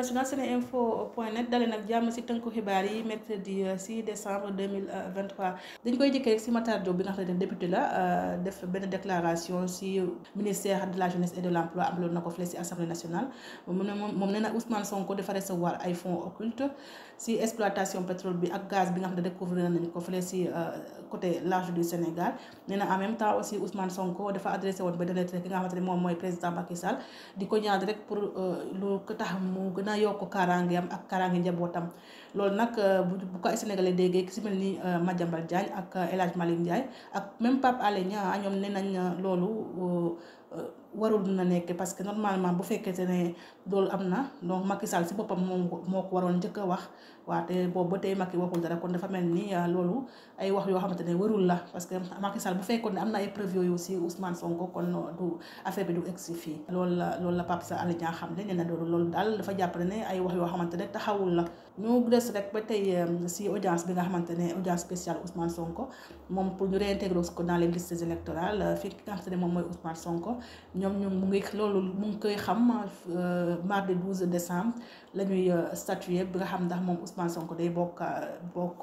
international seneinfo point net dalee nag jàmm si tënku xibaar yi mercredi 6 euh, décembre 2023 dañ koy jëkkee rek si bi nga xam ne def la euh, def benn déclaration si ministère de la jeunesse et de l' am loolu na ko fële si assemblée nationale moom moom nee na Sonko dafa recevoir ay fonds occultes si exploitation pétrole bi ak gaz bi nga xam ne découvrir nañu ko fële si euh, côté large du Sénégal nee en même temps aussi Ousmane dina yokk kaaraangeem ak kaaraange njabootam loolu nag euh, bu ko ay sénégalais déggee ki si mel ni euh, Madiambal Diagne ak euh, El Hadj Malick Ndiaye ak même Pape Alé Niang ñoom nee nañ loolu warul na nekk parce que normalement bu fekkete ne loolu am na donc Macky Sall si boppam moom moo ko waroon njëkk a wax waaw boobu ba tey Macky waxul dara kon dafa mel ni ah, loolu ay wax yoo xamante ne warul la parce que Macky Sall bu fekkoon ne na ay preuve yooyu aussi Ousmane Sonko kon du affaire bi du egsi fii loolu la loolu la Pape Alé Niang xam ne na loolu loolu daal dafa jàpp ne ay wax yoo xamante ne taxawul la ñu des rek ba tey euh, si audience bi nga xamante ne audience spéciale Ousmane Sonko moom pour ñu réintégrer ko dans les listes électorales euh, fi nga xamante moom mooy Ousmane Sonko ñoom ñoom mu ngi loolu mu ngi koy xam euh, mardi 12 décembre la ñuy euh, statuer bi nga xam ndax moom Ousmane Sonko day bokk euh, bokk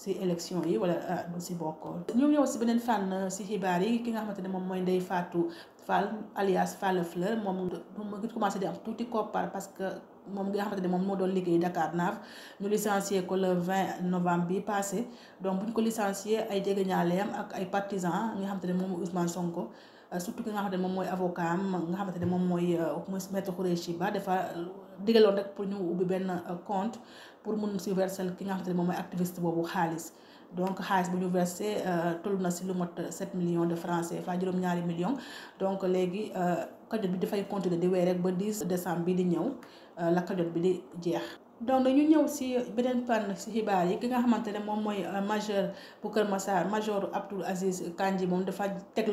ci élection yi wala du ci bokk. ñu ñëw beneen fànn ci xibaar yi ki nga xamante ne moom mooy Ndeye Fatou Fall alias Fall Fleur moom mu ngi commencé di am tuuti koppar parce que. moom ngi xamante ne moom moo doon liggéey Dakar Naaf ñu licencié ko le 20 novembre bi passé donc bu ko licencié ay jegeñaaleem ak ay partisans nga xamante ne moom Ousmane Sonko Euh, surtout ki nga xamante ne moom mooy avocat am nga xamante ne moom mooy euh, mooy maître Khoureyssi Ba dafa digaloon rek pour ñu ubbi benn euh, compte pour mun si verser ki nga xamante ne moom mooy activiste boobu xaalis donc xaalis bu ñu versé toll na si lu mot 7 millions de francs CFA juróom-ñaari millions donc léegi kajo bi dafay continuer di wéy rek ba 10 décembre bi di ñëw. Euh, lakkajoot bi di jeex donc ñu ñëw si beneen pann si xibaar yi ki nga xamante ne moom mooy euh, major bu Kër Massar major Abdoul Aziz Kandji moom dafa teg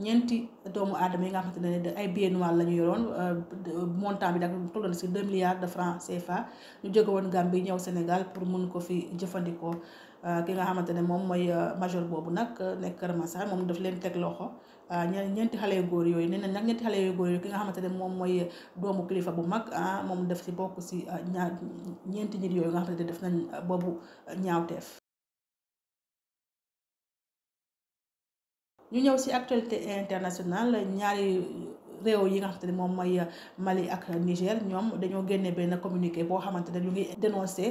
ñeenti doomu aadama yi nga xamante ne ay billets noirs la ñu yoroon euh, montant bi dafa tolloon si deux de francs CFA ñu jóge woon Gambie ñëw Sénégal pour mun ko fi jëfandikoo ki nga xamante ne moom mooy major boobu nag nekk Kër Massar moom daf leen teg loxo. ñeenti xale yu góor yooyu nee na nag ñeenti xale ki nga xamante ne moom mooy doomu kilifa bu mag ah moom def ci bokk ci ah, ñaar ñeenti nit yooyu nga xam ne def nañ ah, boobu ah, ñaawteef ñu ñëw ci actualité international ñaari réew yi nga xamante ne moom mooy Mali ak Niger ñoom dañoo génne benn communiqué boo xamante ne ñu ngi dénoncé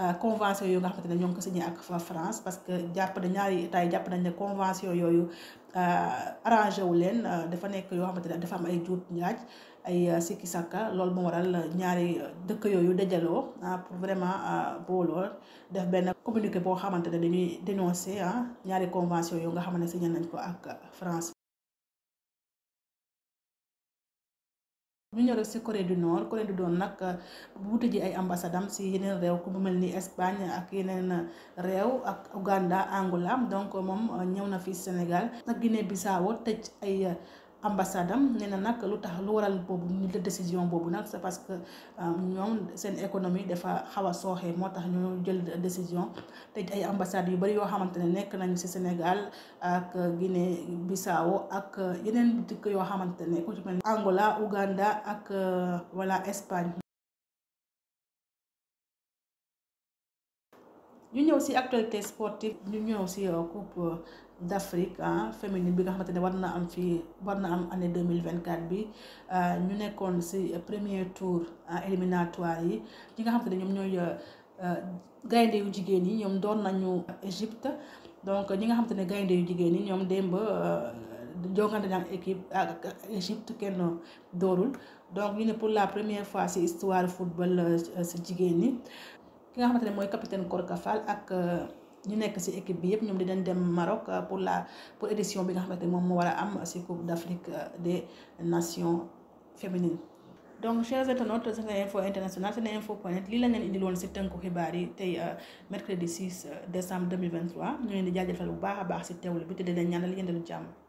euh, convention yooyu nga xamante ñoo ngi ko signé ak France parce que jàpp na ñaari jàpp nañ ne convention yooyu euh, arrangé wu leen euh, dafa nekk yoo xamante ne dafa am ay juut ñaaj ay sikki sàkka loolu moo waral ñaari dëkk yooyu dajaloo ah, pour vraiment booloo def benn communiqué boo xamante ne dañuy dénoncer ah, ñaari convention yooyu nga xamante ne signé nañ ko ak France ñu ñëw rek si Corée du Nord Corée du doon nag bu ji ay ambassade am si yeneen réew ku bu mel ni Espagne ak yeneen réew ak Ouganda Angola donc moom ñëw na fii Sénégal ak Guinée Bissau tëj ay ambassade am nee na nag lu tax lu waral boobu ñu la décision boobu nag c'est parce que euh, ñoom seen économie dafa xaw a sooxee moo tax ñu jël décision tëj ay ambassades yu bari yoo xamante ne nekk nañu ci senegal ak Guinée Bissau ak yeneen dëkk yoo xamante ne ku ci mel Angola Ouganda ak wala euh, Espagne ñu ñëw si actualité sportive ñu ñëw si euh, coupe euh, d' Afrique féminine bi nga xamante ne war na am fii war na am année deux mille vingt quatre bi euh, ñu nekkoon si premier tour éliminatoire yi ñi nga xamante ne ñoom ñooy gaynde yu jigéen yi ñoom doon nañu egypt donc ñi nga xamante ne gaynde yu jigéen yi ñoom démb jongante ak équipe ak Égypte kenn doorul donc ñu ne pour la première fois si histoire football si jigéen ñi ki nga xamante ne mooy capitaine Korka Fall ak euh, ñu nekk ci équipe bi yëpp ñoom dinañ dem Maroc euh, pour la pour édition bi nga xamante ne moom moo war a am ci Coupe d'Afrique euh, des Nations féminines. donc chers internautes Sene Info si Sene Info point lii la leen indiloon ci tënku xibaar yi tey mercredi décembre ñu leen di jaajëfal bu baax a baax ci teewlu bi te dinañ ñaanal yendalu jàmm.